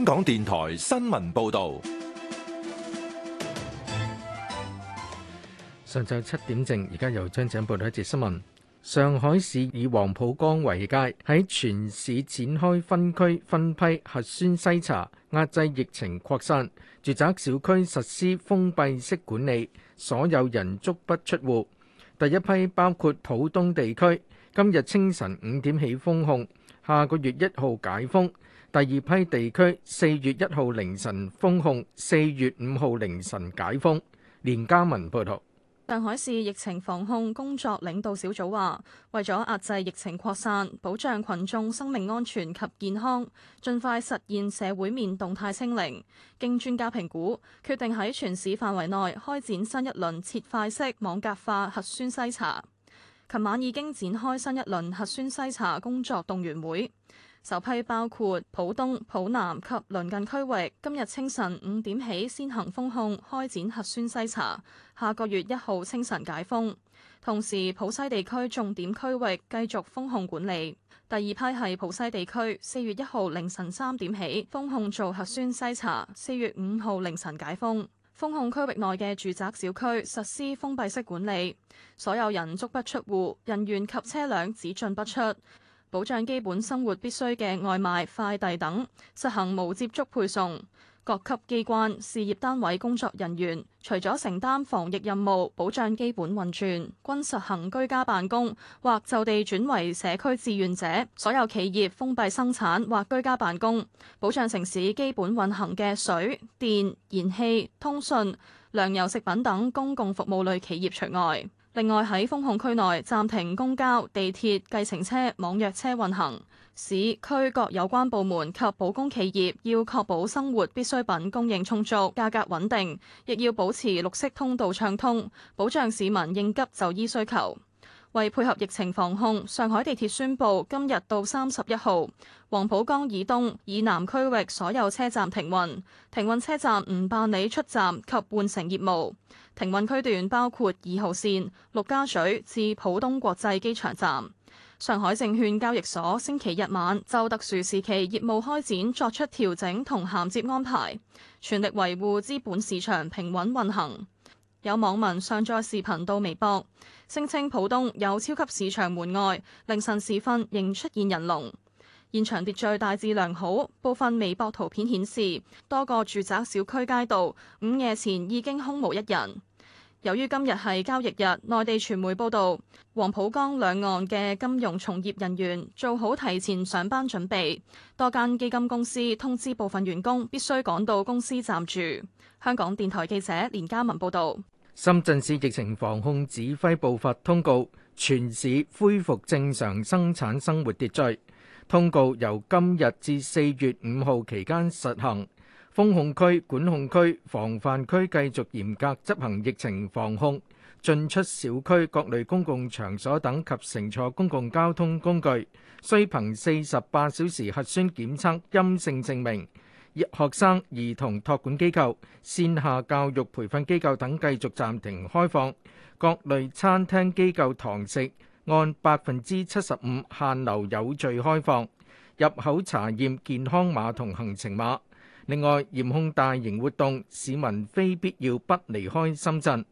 香港電台新聞報道：上晝七點正，而家由張展報道一節新聞。上海市以黃浦江為界，喺全市展開分區分批核酸篩查，壓制疫情擴散。住宅小區實施封閉式管理，所有人足不出戶。第一批包括浦東地區，今日清晨五點起封控，下個月一號解封。第二批地區四月一號凌晨封控，四月五號凌晨解封。連家文報道，上海市疫情防控工作領導小組話：為咗壓制疫情擴散，保障群眾生命安全及健康，盡快實現社會面動態清零，經專家評估，決定喺全市範圍內開展新一輪切塊式網格化核酸篩查。琴晚已經展開新一輪核酸篩查工作動員會。首批包括浦東、浦南及鄰近區域，今日清晨五點起先行封控，開展核酸篩查，下個月一號清晨解封。同時，浦西地區重點區域繼續封控管理。第二批係浦西地區，四月一號凌晨三點起封控做核酸篩查，四月五號凌晨解封。封控區域內嘅住宅小區實施封閉式管理，所有人足不出戶，人員及車輛只進不出。保障基本生活必須嘅外賣、快遞等，實行無接觸配送。各級機關、事業單位工作人員，除咗承擔防疫任務、保障基本運轉，均實行居家辦公或就地轉為社區志願者。所有企業封閉生產或居家辦公，保障城市基本運行嘅水、電、燃氣、通訊、糧油食品等公共服務類企業除外。另外喺封控區內暫停公交、地鐵、計程車、網約車運行，市區各有關部門及保供企業要確保生活必需品供應充足、價格穩定，亦要保持綠色通道暢通，保障市民應急就醫需求。為配合疫情防控，上海地鐵宣布今日到三十一號，黃浦江以東以南區域所有車站停運，停運車站唔辦理出站及換乘業務。停運區段包括二號線陸家嘴至浦東國際機場站。上海證券交易所星期日晚就特殊時期業務開展作出調整同銜接安排，全力維護資本市場平穩運行。有網民上載視頻到微博。聲稱浦東有超級市場門外凌晨時分仍出現人龍。現場秩序大致良好，部分微博圖片顯示多個住宅小區街道午夜前已經空無一人。由於今日係交易日，內地傳媒報道，黃浦江兩岸嘅金融從業人員做好提前上班準備，多間基金公司通知部分員工必須趕到公司暫住。香港電台記者連嘉文報道。深圳市疫情防控指揮部發通告，全市恢復正常生產生活秩序。通告由今日至四月五號期間實行，封控區、管控區、防範區繼續嚴格執行疫情防控。進出小區、各類公共場所等及乘坐公共交通工具，需憑四十八小時核酸檢測陰性證明。學生、兒童托管機構、線下教育培訓機構等繼續暫停開放，各類餐廳、機構堂食按百分之七十五限流有序開放，入口查驗健康碼同行程碼。另外，嚴控大型活動，市民非必要不離開深圳。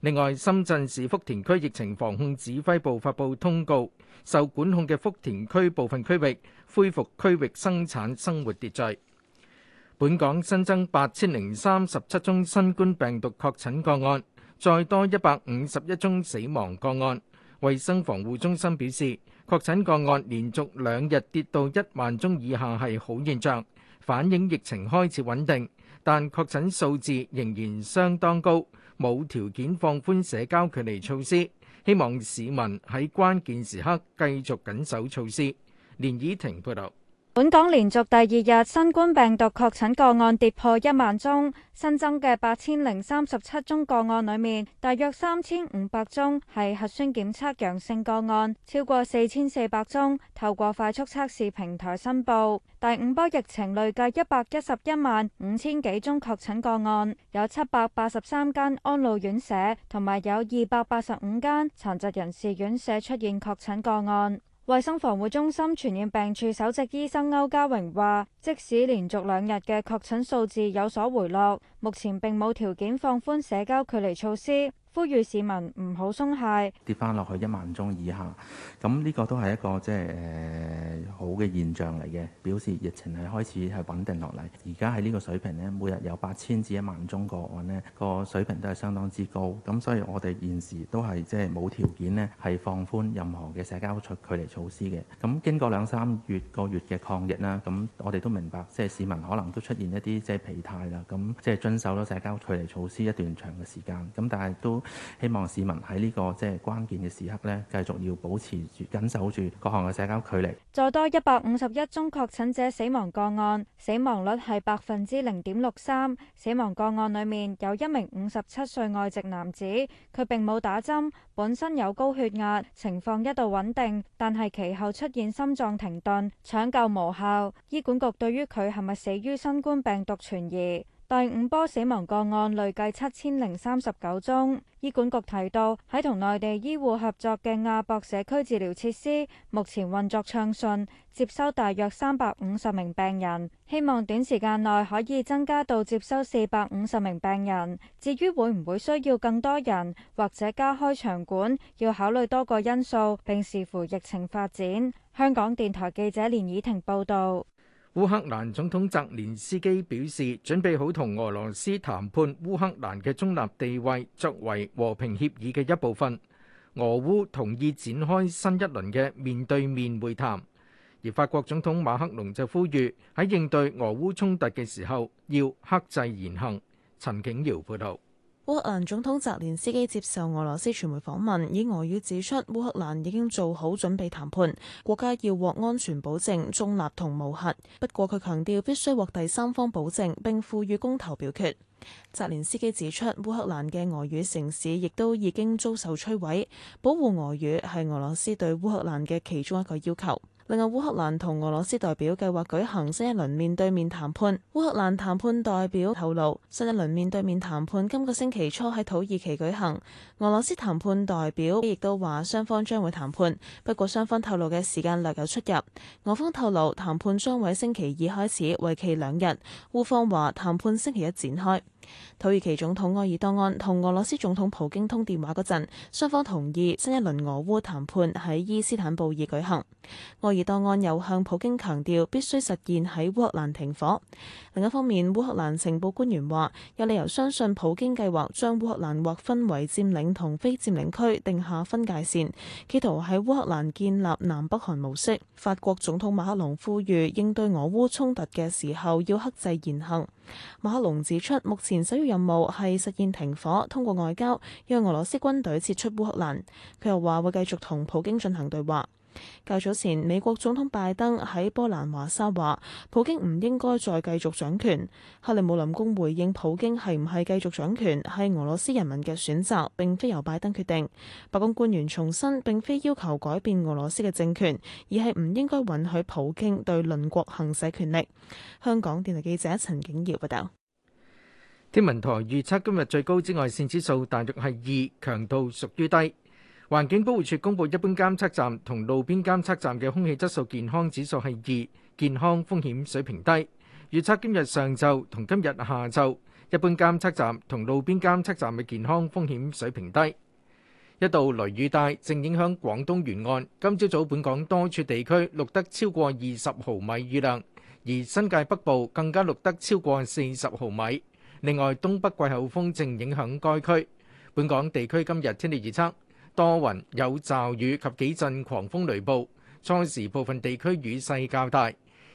另外，深圳市福田區疫情防控指揮部發佈通告，受管控嘅福田區部分區域恢復區域生產生活秩序。本港新增八千零三十七宗新冠病毒確診個案，再多一百五十一宗死亡個案。衛生防護中心表示，確診個案連續兩日跌到一萬宗以下係好現象，反映疫情開始穩定，但確診數字仍然相當高，冇條件放寬社交距離措施。希望市民喺關鍵時刻繼續緊守措施。連倚婷報導。本港連續第二日新冠病毒確診個案跌破一萬宗，新增嘅八千零三十七宗個案裏面，大約三千五百宗係核酸檢測陽性個案，超過四千四百宗透過快速測試平台申報。第五波疫情累計一百一十一萬五千幾宗確診個案，有七百八十三間安老院舍同埋有二百八十五間殘疾人士院舍出現確診個案。衛生防護中心傳染病處首席醫生歐家榮話，即使連續兩日嘅確診數字有所回落，目前並冇條件放寬社交距離措施。呼籲市民唔好鬆懈，跌翻落去一萬宗以下，咁呢個都係一個即係誒好嘅現象嚟嘅，表示疫情係開始係穩定落嚟。而家喺呢個水平呢，每日有八千至一萬宗個案呢，個水平都係相當之高。咁所以我哋現時都係即係冇條件呢，係放寬任何嘅社交距離措施嘅。咁經過兩三月個月嘅抗疫啦，咁我哋都明白，即係市民可能都出現一啲即係疲態啦，咁即係遵守咗社交距離措施一段長嘅時間，咁但係都。希望市民喺呢個即係關鍵嘅時刻呢，繼續要保持住、緊守住各項嘅社交距離。再多一百五十一宗確診者死亡個案，死亡率係百分之零點六三。死亡個案裡面有一名五十七歲外籍男子，佢並冇打針，本身有高血壓，情況一度穩定，但係其後出現心臟停頓，搶救無效。醫管局對於佢係咪死於新冠病毒存疑。第五波死亡個案累計七千零三十九宗。醫管局提到，喺同內地醫護合作嘅亞博社區治療設施，目前運作暢順，接收大約三百五十名病人，希望短時間內可以增加到接收四百五十名病人。至於會唔會需要更多人或者加開場館，要考慮多個因素並視乎疫情發展。香港電台記者連倚婷報道。烏克蘭總統澤連斯基表示，準備好同俄羅斯談判烏克蘭嘅中立地位作為和平協議嘅一部分。俄烏同意展開新一輪嘅面對面會談，而法國總統馬克龍就呼籲喺應對俄烏衝突嘅時候要克制言行。陳景堯報道。烏克蘭總統澤連斯基接受俄羅斯傳媒訪問，以俄語指出烏克蘭已經做好準備談判，國家要獲安全保證、中立同無核。不過佢強調必須獲第三方保證，並賦予公投表決。澤連斯基指出，烏克蘭嘅俄語城市亦都已經遭受摧毀，保護俄語係俄羅斯對烏克蘭嘅其中一個要求。另外，烏克蘭同俄羅斯代表計劃舉行新一輪面對面談判。烏克蘭談判代表透露，新一輪面對面談判今個星期初喺土耳其舉行。俄羅斯談判代表亦都話雙方將會談判，不過雙方透露嘅時間略有出入。俄方透露談判將會星期二開始，為期兩日。烏方話談判星期一展開。土耳其總統埃爾多安同俄羅斯總統普京通電話嗰陣，雙方同意新一輪俄烏談判喺伊斯坦布爾舉行。外移檔案又向普京強調，必須實現喺烏克蘭停火。另一方面，烏克蘭情報官員話有理由相信，普京計劃將烏克蘭劃分為佔領同非佔領區，定下分界線，企圖喺烏克蘭建立南北韓模式。法國總統馬克龍呼籲應對俄烏衝突嘅時候要剋制言行。馬克龍指出，目前首要任務係實現停火，通過外交讓俄羅斯軍隊撤出烏克蘭。佢又話會繼續同普京進行對話。較早前，美國總統拜登喺波蘭華沙話，普京唔應該再繼續掌權。克里姆林宮回應，普京係唔係繼續掌權係俄羅斯人民嘅選擇，並非由拜登決定。白宮官員重申，並非要求改變俄羅斯嘅政權，而係唔應該允許普京對鄰國行使權力。香港電台記者陳景堯報道。天文台預測今日最高紫外線指數大約係二，強度屬於低。環境保護署公布，一般監測站同路邊監測站嘅空氣質素健康指數係二，健康風險水平低。預測今日上晝同今日下晝，一般監測站同路邊監測站嘅健康風險水平低。一道雷雨帶正影響廣東沿岸，今朝早本港多處地區錄得超過二十毫米雨量，而新界北部更加錄得超過四十毫米。另外，東北季候風正影響該區。本港地區今日天氣預測。多雲有驟雨及幾陣狂風雷暴，初時部分地區雨勢較大。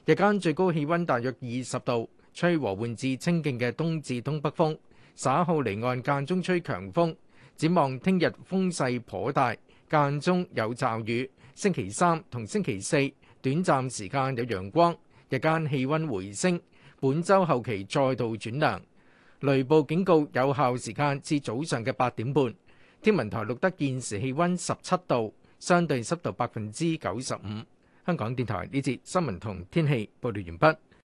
日間最高氣温大約二十度，吹和緩至清勁嘅東至東北風。稍後離岸間中吹強風，展望聽日風勢頗大，間中有驟雨。星期三同星期四短暫時間有陽光，日間氣温回升。本週後期再度轉涼，雷暴警告有效時間至早上嘅八點半。天文台錄得現時氣溫十七度，相對濕度百分之九十五。香港電台呢節新聞同天氣報道完畢。